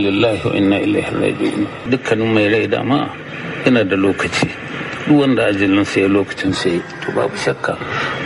lillahi wa inna ilaihi raji'un dukkanin mai rai dama yana da lokaci duk wanda ajalin sai lokacin sai to babu shakka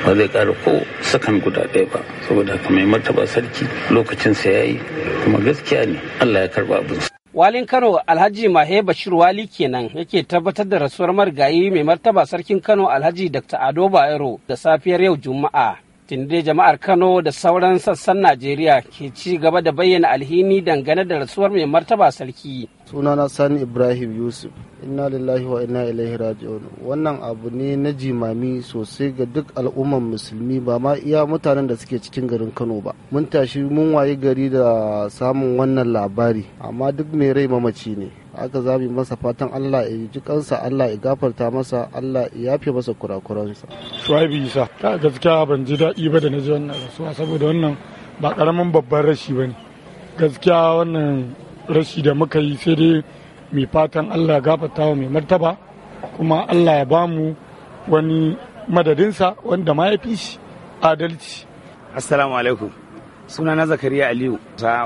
ba zai kara ko sakan guda ɗaya ba saboda haka mai martaba sarki lokacin sa yayi kuma gaskiya ne Allah ya karba abin Walin Kano Alhaji Mahe Bashir Wali kenan yake tabbatar da rasuwar marigayi mai martaba sarkin Kano Alhaji Dr. Ado Bayero da safiyar yau Juma'a. Tinde jama'ar Kano da sauran sassan Najeriya ke ci gaba da bayyana alhini dangane da rasuwar mai martaba sarki. sunana sani ibrahim yusuf inna lillahi wa inna ilaihi raji'un wannan abu ne na jimami sosai ga duk al'umman musulmi ba ma iya mutanen da suke cikin garin kano ba mun tashi mun waye gari da samun wannan labari amma duk mai rai mamaci ne aka zabi masa fatan Allah ya ji kansa Allah ya gafarta masa Allah ya yafe masa kurakuransa shuaibu isa ta gaskiya ban ji daɗi ba da na ji wannan rasuwa saboda wannan ba ƙaramin babban rashi ba ne gaskiya wannan rashi da muka yi sai dai mai fatan allah ya gafata wa mai martaba kuma allah ya bamu wani madadinsa wanda ma ya fi shi adalci assalamu alaikum suna na zakariya aliyu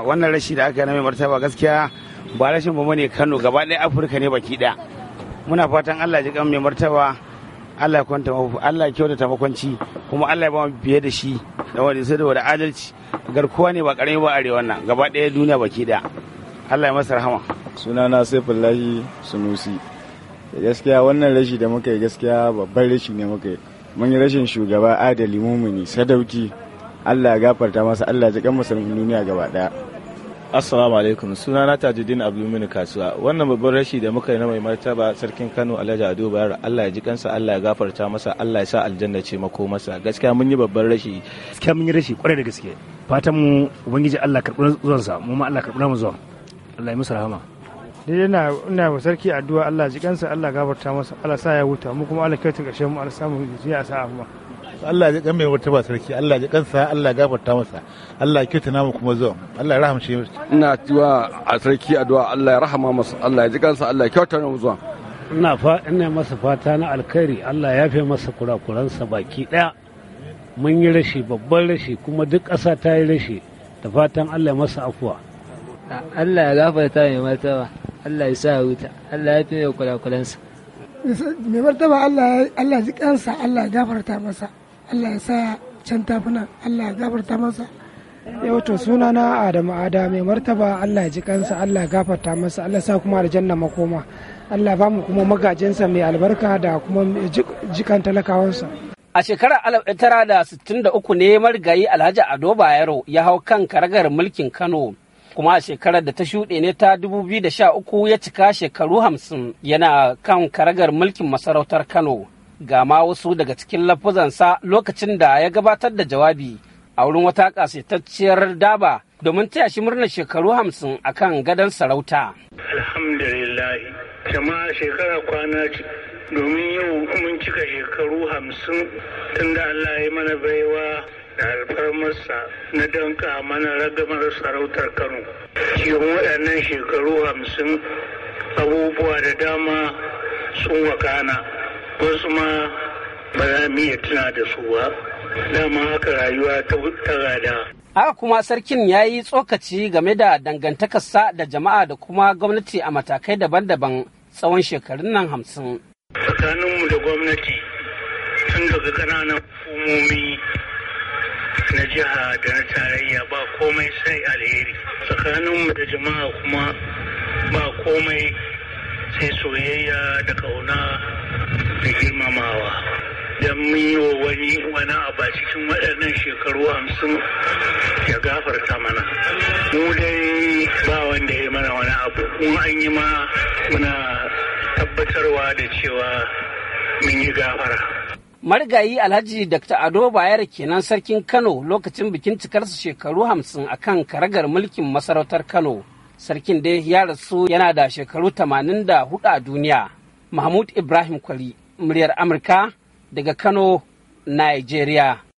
wannan rashi da aka na mai martaba gaskiya ba rashin ba ne kano gaba ɗaya afirka ne baki ɗaya muna fatan allah ji kan mai martaba allah ya kwanta allah ya kyautata makwanci kuma allah ya ba fiye da shi da wani sai da adalci garkuwa ne ba karami ba arewa nan gaba ɗaya duniya baki ɗaya Allah ya masa rahama na Saifullahi Sunusi gaskiya wannan rashi da muka yi gaskiya babban rashi ne muka yi mun yi rashin shugaba adali mumuni sadauki Allah ya gafarta masa Allah ya ji kan musulmin duniya gaba ɗaya. Assalamu alaikum suna na Tajuddin Abdulmumin Kasuwa wannan babban rashi da muka yi na mai martaba sarkin Kano Alhaji Ado Bayar Allah ya ji kansa Allah ya gafarta masa Allah ya sa aljanna ce mako masa gaskiya mun yi babban rashi gaskiya mun yi rashi kwarai da gaske fatan mu ubangiji Allah karɓi zuwansa mu ma Allah karɓi mu zuwan Allah ya musu rahama dai ina ina wa sarki addu'a Allah ji kansa Allah gafarta masa Allah sa ya huta mu kuma Allah kaita karshen mu Allah samu a sa amma Allah ya kan mai wata ba sarki Allah ji kansa Allah gafarta masa Allah kaita namu kuma zuwa Allah ya rahamshe mu ina tuwa a sarki addu'a Allah ya rahama masa Allah ya ji kansa Allah ya kyauta namu zuwa ina fa ina masa fata na alkhairi Allah ya fi masa kurakuransa baki daya mun yi rashi babban rashi kuma duk ƙasa ta yi rashi da fatan Allah ya masa afuwa Allah ya gafarta mai martaba Allah ya sa wuta, Allah ya fi mai kulansa. mai martaba Allah ji kansa Allah ya gafarta masa Allah ya sa can tafuna Allah ya gafarta masa yau to suna na Adamu Ada mai martaba Allah ya ji kansa Allah ya gafarta masa Allah sa kuma aljanna makoma Allah ba mu kuma magajinsa mai albarka da kuma jikan talakawansa A shekarar 1963 ne marigayi Alhaji Ado Bayero ya hau kan karagar mulkin Kano kuma a shekarar da ta shuɗe ne ta 2013 ya cika shekaru hamsin yana kan karagar mulkin masarautar Kano. Ga ma wasu daga cikin lafuzansa lokacin da ya gabatar da jawabi a wurin wata ƙasaitacciyar daba domin taya shi murnar shekaru hamsin a kan gadon sarauta. Alhamdulillah, jama'a shekara kwana ce domin yau mun cika shekaru hamsin da Allah ya mana baiwa da alfarmarsa na danka mana ragamar sarautar kano cikin waɗannan shekaru hamsin abubuwa da dama sun wakana wasu ma ba za mu iya tuna da su ba dama haka rayuwa ta gada haka kuma sarkin ya yi tsokaci game da dangantakarsa da jama'a da kuma gwamnati a matakai daban-daban tsawon shekarun nan hamsin tsakaninmu da gwamnati tun daga ƙananan hukumomi na jiha da na tarayya ba komai sai alheri tsakaninmu da jama'a kuma ba komai sai soyayya da kauna da girmamawa don mun yi wa wani wani abu cikin waɗannan shekaru hamsin ya gafarta mana mu dai ba wanda ya mana wani abu mun an yi ma muna tabbatarwa da cewa mun yi gafara marigayi alhaji dr ado bayar kenan sarkin kano lokacin bikin cikarsa shekaru hamsin a kan karagar mulkin masarautar kano sarkin dai ya rasu yana da shekaru tamanin da hudu a duniya mahmud ibrahim kwari muryar amurka daga kano nigeria